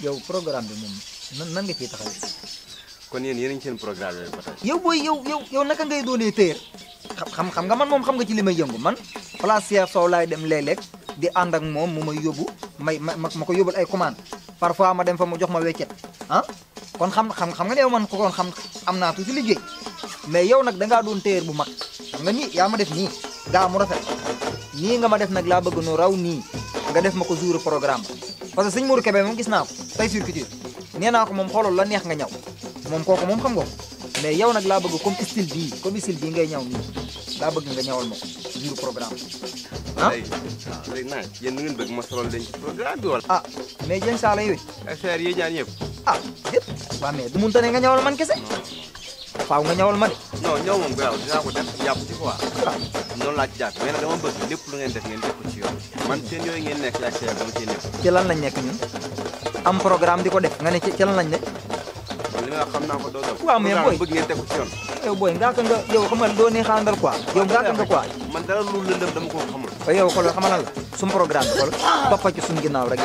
yow programme bi mom nan nga ci taxaw kon yeen yeen a ngi seen programme yooyu ba yow boy yow yow yow naka ngay doone teer xam xam nga man mom xam nga ci limay yëngu man place Cheikh Sow lay dem lelek di and ak mom mu may yóbbu may mako ma ay commande parfois ma dem fa mu jox ma wéccet ah kon xam xam xam nga yow man ko kon xam amna naa ci liggéey mais yow da nga doon teer bu mak xam nga ni ya ma def ni da mu rafet ni nga ma def nak la bëgg nu raw ni nga def mako jour programme parce que sëñ Modou Kébé moom gis naa ko tey circuit nee naa ko moom xoolal la neex nga ñaw mom kooku mom xam nga mais yow nak la bëgg comme style bi comme style bi ngay ñaw ni la bëgg nga ñawal mako ko programme ah? ah léegi naa yéen nu ngeen bëgg ma solol leen ci programme bi wala ah mais yéen saala yooyu ak saar yi ñaan yëpp ah yëpp waaw mais du mun tane nga ñawal man kese faaw nga ñawal ma de non ñaw moom garaaw dinaa ko def yàpp non noonu laa ci jàpp mais nag dama bëgg lépp lu ngeen def ngeen def ko ci yoon man seen yooyu ngeen nekk laa ci dama cee nekk ci lan lañ nekk ñun am programme di ko def nga ne ci lan lañ ne li nga xam naa ko doo def waaw mais booy bëgg ngeen teg ko ci yoon yow booy ngaa ko nga yow xam nga doo nee xaandal quoi yow ngaa ko nga quoi man dara lu lëndëm dama ko xamul waaye yow xoolal xamal la suñu programme bi papa ci suñu ginnaaw rek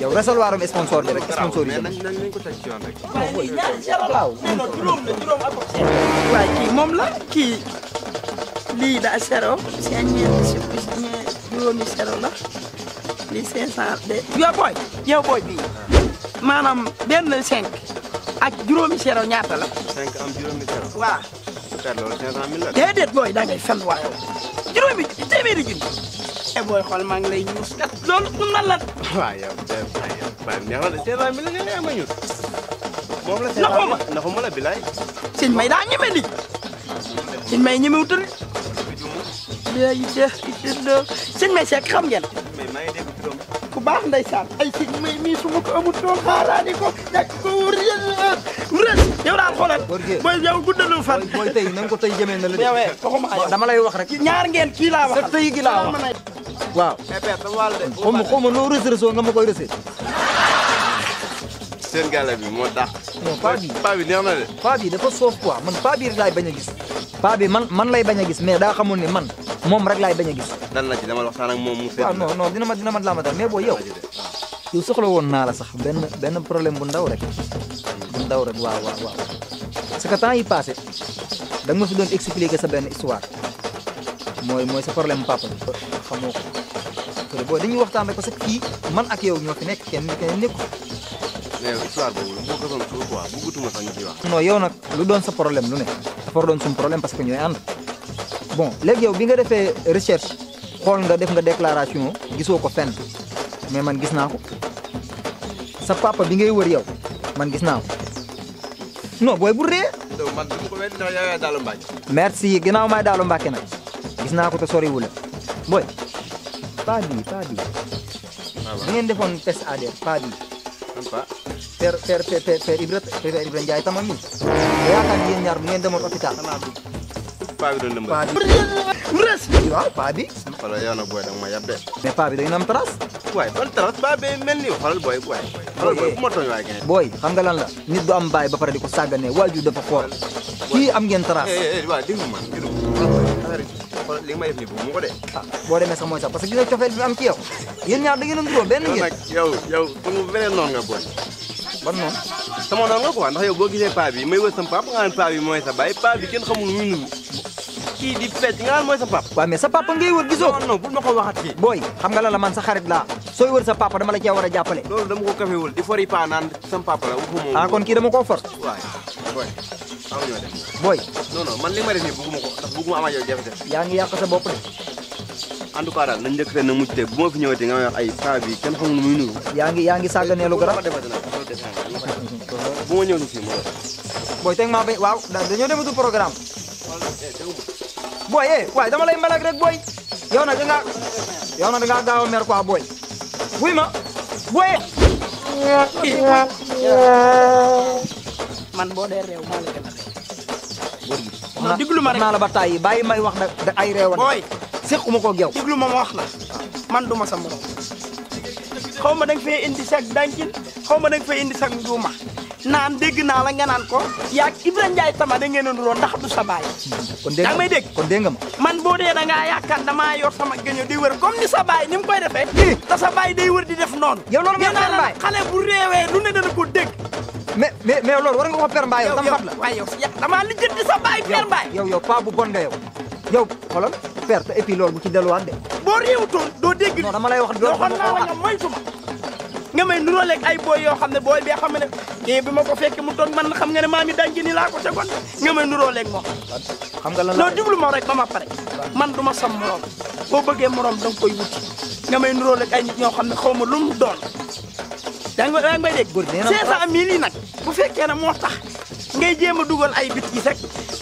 yow réservoir sponsor bi rek sponsor yi nañ ko teg ci yoon rek waaw waaw kii moom la kii lii daa sero seen ci si ñeent juróomi sero la li 500 de yow boy yow boy bi manam ben 5 ak juróomi sero ñaata la. 5 am juróomi sero. waaw. per loolu 500000 la. déedéet boy da ngay fen waaw juróomi téméré junni. e boy xol ma ngi lay ñuus kat loolu ku na la. wa yow tey ba ñaw la de 500000 la nga am a ñuus. moom la 500000 naxuma naxuma la bilay sëñ may da ñëmé lii sëñ may ñëmé ñemewutal. léegi de de sëñ may seek xam ngeen. mais maa ngi dégg doom. ku baax ndeysaan ay sëñ may mii su ma ko amut doon xaalaani ko ñàkk ko wóor yéen wóor yow daal xoolal. booy yow guddaloo fan. booy tey na ko tey jëmee na la. mais eh, waxuma dama lay wax rek. ñaar ngeen kii laa wax. tey gi laa wax waaw. mais eh, ko dama wàll de. ma xaw ma noo rëse nga ma koy rëse. seen gala bi moo tax. non paa bi paa bi neex na de. paa bi dafa soof quoi man paa bi rek laay gis. paa bi man man lay baña gis mais da xamul ni man mom rek lay baña gis. dan la ci dama waxtaan nak mom mu set non non dina ma dina ma laamal mais bo yow. yow soxla won na la sax ben ben problème bu ndaw rek bu ndaw rek wa wa wa parce que temps yi passé da nga fi doon expliquer sa ben histoire moy moy sa problème papa xamoko ko. dañuy waxtan rek parce que kii man ak yow ñoo fi nek kenn kenn nekkul histoire boobu non lu doon sa lu ne dafa doon suñu problème parce que ñooy ànd bon léegi yow bi nga defee recherche xool nga def nga déclaration gisoo ko fenn mais man gis naa ko sa non bu ree. merci ginnaaw maay Daalu Mbacke nag gis naa ko te soriwul la booy pas bii pas bii. waaw waaw ngeen per per per per per ibrat per per ibrat jahit tamami ya kan dia nyar mungkin kita pagi dulu lembur pagi beras kalau yang mayat deh ne enam teras boy kalau teras babe meli boy boy kalau boy motor yang lagi boy kanggalan lah ni do am bay di ko saga ne walju ki teras eh eh wa dingu man dingu ling may ni bu mu ko de bo demé sa moy sa dua que gis nga ciofel bi am boy ban noonu. sama noonu nga ko wax ndax yow boo gisee paa bi may wër sama papa nga mooy sa baay paa bi kenn xamul nu mu kii di fecc nga mooy sa papa. waaw mais sa papa ngay wër gisoo. ko waxat fii. booy xam nga la la man sa xarit laa sooy wër sa papa dama la a war a jàppale. loolu dama ko kafewul di fori paa naan sama papa la waxuma moom. ah kon kii da koo for. waay booy xam nga ñoo dem. booy. non ma def nii ko ndax bëgguma am ak yaa ngi sa bopp de en tout cas daal nañ njëkk na mujj bu ma fi nga wax ay bi kenn xamul muy nuru yaa ngi yaa lu garab bu ma ñëw fii mu boy teg maa bañ waaw dañoo dematu programme boy eh waay dama lay mbalak rek boy yow nag dangaa yow nag dangaa gaaw mer quoi boy wuy ma boy man boo dee réew maa la gën a diglu ma rek la wax ay boy sequma ko ak yow déglu ma wax la man duma sa morom xaw ma danga indi sag dancin xaw ma danga indi sag njuuma naan dégg naa la nga naan ko yaag Ibrahima Ndiaye tama da ngeen nuroo ndax du sa baay kon dégg nga may kon man da yor sama di wër comme ni sa baay ni koy sa day wër di def non. yow loolu nga per mbaay xale bu réewee lu ne dana ko dégg mais mais mais loolu war nga ko per mbaay yow tam la waaye yow ya, damaa sa per yow yow bu bon nga yow yow xolam perte et puis loolu bu ci delluwaat de boo to do dégg non dama lay wax do xam naa la may suma nga may lolek ay boy yo xamne boy booy xamne ne bi ko mu tok man xam nga ne mami yi dañ ni la ko tegon nga may rolek mo xam nga lan la non jublu ma rek bama pare man duma sam morom bo bëggee morom dang koy wut nga may rolek ay nit ñoo xamne xawma lu mu doon dang nga yaa ngi may dégg cinq cent mille yi nak bu fekkee ya, na mo tax ngay jéem duggal ay bit yi rek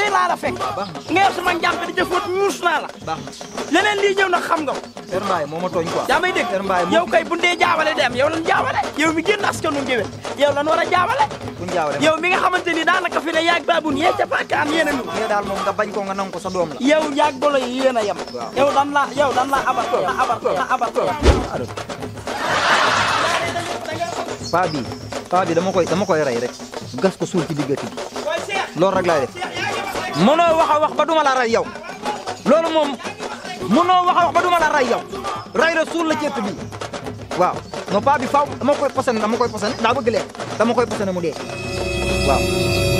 fii laa la fekk nga yor sama njàmpe di ca fóot muus naa la leneen lii ñëw nag xam nga ko Père moo ma tooñ quoi yaa may dégg yow kay bu yow lan jaawale yow mi génn askanu ngéwél yow lan war a jaawale yow xamante ni daanaka fi ne yaag baabun yee ca pàkkaan yéen a mi daal moom nga bañ ko nga nangu ko sa doom la yow yaag bolo yi yéen a yem yow dan la yow dan la abar la abar la abar paa bi paa bi dama koy dama koy rey rek gas ko suul ci diggati bi loolu rek laay def mënoo wax a wax ba duma la rey yow loolu moom mënoo wax a wax ba duma la rey yow la suul la ceeb bi waaw non paa bi faaw dama koy posone dama koy posone daa bëgg lekk dama koy posone mu dee waaw.